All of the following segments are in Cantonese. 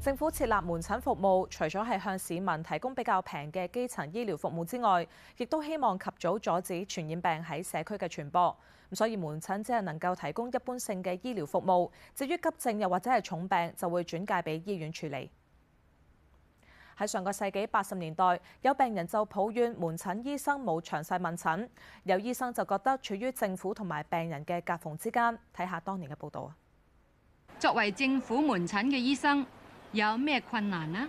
政府設立門診服務，除咗係向市民提供比較平嘅基層醫療服務之外，亦都希望及早阻止傳染病喺社區嘅傳播。咁所以門診只係能夠提供一般性嘅醫療服務，至於急症又或者係重病，就會轉介俾醫院處理。喺上個世紀八十年代，有病人就抱怨門診醫生冇詳細問診，有醫生就覺得處於政府同埋病人嘅夾縫之間。睇下當年嘅報導啊！作為政府門診嘅醫生。有咩困、困難呢？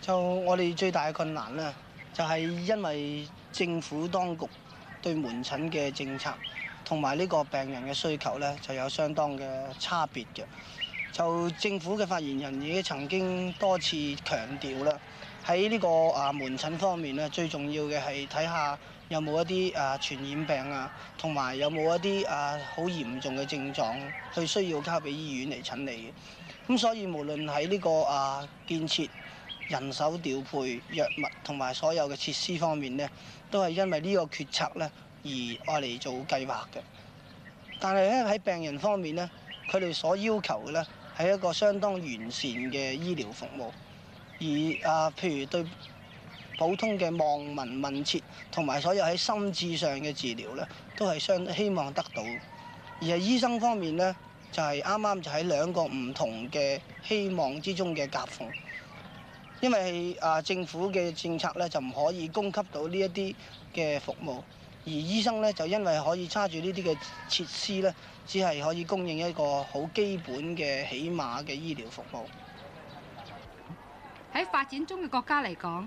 就我哋最大嘅困難呢，就係因為政府當局對門診嘅政策同埋呢個病人嘅需求呢，就有相當嘅差別嘅。就政府嘅發言人已經曾經多次強調啦，喺呢個啊門診方面呢，最重要嘅係睇下。有冇一啲啊傳染病啊，同埋有冇一啲啊好嚴重嘅症狀，佢需要交俾醫院嚟診理？咁所以無論喺呢個啊建設、人手調配、藥物同埋所有嘅設施方面呢，都係因為呢個決策呢而愛嚟做計劃嘅。但係咧喺病人方面呢，佢哋所要求嘅咧係一個相當完善嘅醫療服務，而啊譬如對，普通嘅望聞問切，同埋所有喺心智上嘅治療咧，都係想希望得到。而係醫生方面呢，就係啱啱就喺兩個唔同嘅希望之中嘅夾縫，因為啊政府嘅政策呢，就唔可以供給到呢一啲嘅服務，而醫生呢，就因為可以揸住呢啲嘅設施呢，只係可以供應一個好基本嘅起碼嘅醫療服務。喺發展中嘅國家嚟講，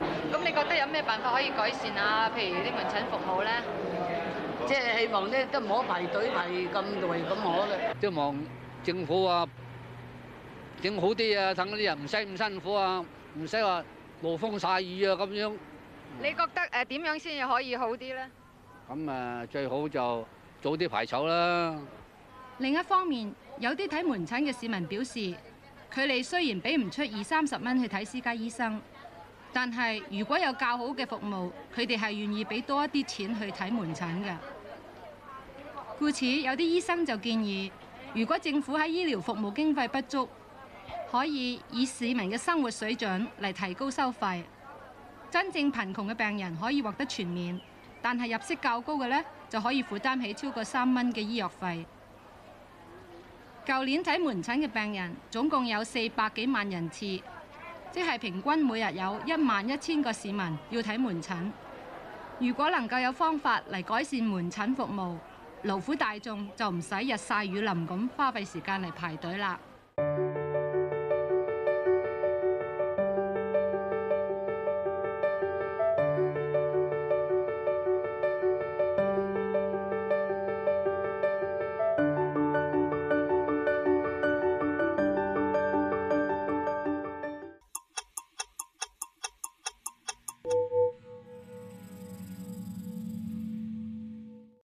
咁你覺得有咩辦法可以改善啊？譬如啲門診服務咧，即係希望咧都唔好排隊排咁耐咁攞啦，都望政府啊整好啲啊，等嗰啲人唔使咁辛苦啊，唔使話冒風曬雨啊咁樣。你覺得誒點樣先可以好啲咧？咁啊，最好就早啲排籌啦。另一方面，有啲睇門診嘅市民表示，佢哋雖然俾唔出二三十蚊去睇私家醫生。但係，如果有較好嘅服務，佢哋係願意俾多一啲錢去睇門診嘅。故此，有啲醫生就建議，如果政府喺醫療服務經費不足，可以以市民嘅生活水準嚟提高收費。真正貧窮嘅病人可以獲得全免，但係入息較高嘅呢，就可以負擔起超過三蚊嘅醫藥費。舊年睇門診嘅病人總共有四百幾萬人次。即係平均每日有一萬一千個市民要睇門診，如果能夠有方法嚟改善門診服務，勞苦大眾就唔使日曬雨淋咁，花費時間嚟排隊啦。